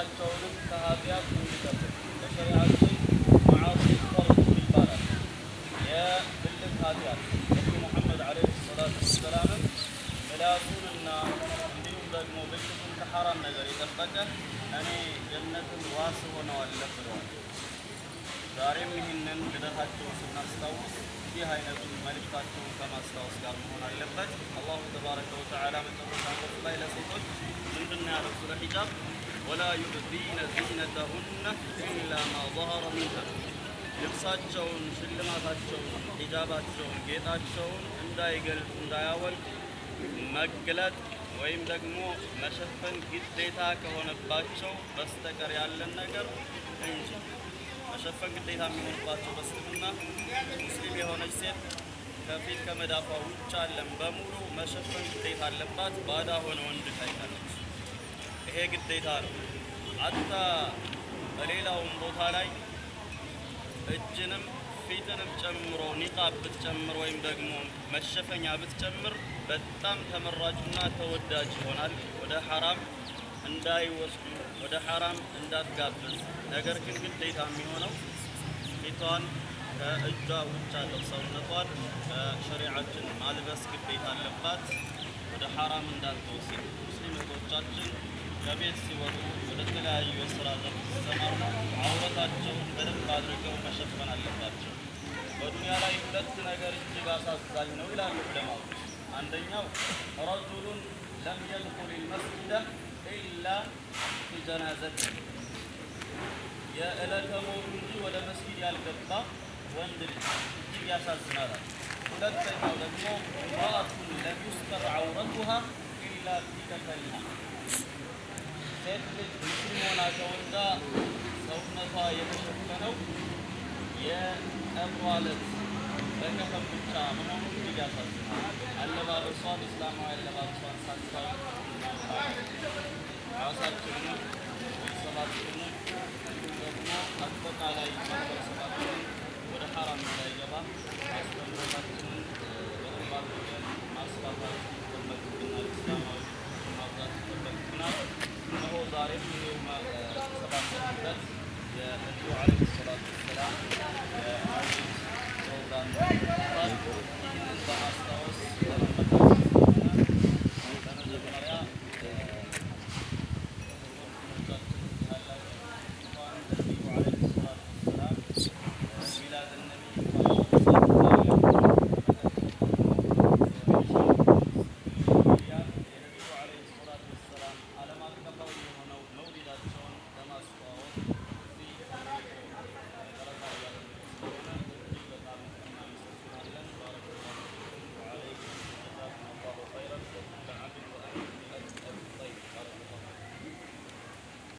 ራሳቸውንም ከኃጢአት እንዲጠብቁ በሸሪዓችን መዓሲ ፈርዱ ይባላል። የብልት ኃጢአት ነቢዩ ሙሐመድ ዓለይሂ ሰላቱ ወሰላምም ምላሱንና እንዲሁም ደግሞ ብልቱን ከሐራም ነገር የጠበቀ እኔ ጀነትን ዋስ ሆነዋለሁ ብለዋል። ዛሬም ይህንን ልደታቸውን ስናስታውስ ይህ አይነቱ መልእክታቸውን ከማስታወስ ጋር መሆን አለበት። አላሁ ተባረከ ወተዓላ መጨረሻ ላይ ለሴቶች ምንድን ነው ያለው ስለ ሂጃብ ወላ ዩብዲነ ዚነተሁነ ኢላ ማ ظሀረ ሚንሃ ልብሳቸውን፣ ሽልማታቸውን፣ ሂጃባቸውን፣ ጌጣቸውን እንዳይገልጽ እንዳያወልቅ መግለጥ ወይም ደግሞ መሸፈን ግዴታ ከሆነባቸው በስተቀር ያለን ነገር እንጂ መሸፈን ግዴታ የሚሆንባቸው በስልምና ሙስሊም የሆነች ሴት ከፊት ከመዳፏ ውጭ አለን በሙሉ መሸፈን ግዴታ አለባት። ባዳ ሆነ ወንድ ታይታለች። ይሄ ግዴታ ነው። አታ በሌላውም ቦታ ላይ እጅንም ፊትንም ጨምሮ ኒቃብ ብትጨምር ወይም ደግሞ መሸፈኛ ብትጨምር በጣም ተመራጩና ተወዳጅ ይሆናል። ወደ ሐራም እንዳይወስዱ ወደ ሐራም እንዳትጋብዝ። ነገር ግን ግዴታ የሚሆነው ፊቷን ከእጇ ውጭ ያለው ሰውነቷን ከሸሪዓችን ማልበስ ግዴታ አለባት። ወደ ሐራም እንዳትወስድ ሙስሊም ከቤት ሲወጡ ወደ ተለያዩ የስራ ዘርፍ ሲሰማሩ አውረታቸውን በደንብ አድርገው መሸፈን አለባቸው። በዱንያ ላይ ሁለት ነገር እጅግ አሳዛኝ ነው ይላሉ ዑለማዎች። አንደኛው ረጁሉን ለም የድኹል ልመስጅደ ኢላ ቢጀናዘት የዕለተ ሞቱ እንጂ ወደ መስጊድ ያልገባ ወንድ ልጅ እጅግ ያሳዝናል። ሁለተኛው ደግሞ ራቱን ለም ዩስተር ዐውረቱሃ ኢላ ፊ ሴት ልጅ ሙስሊም ሆና ተወልዳ ሰውነቷ የተሸፈነው የቀብሯ ዕለት በከፈን ብቻ መሆኑን እያሳስባል። አለባበሷን፣ እስላማዊ አለባበሷን ሳትታወቅ ஆரஞ்சு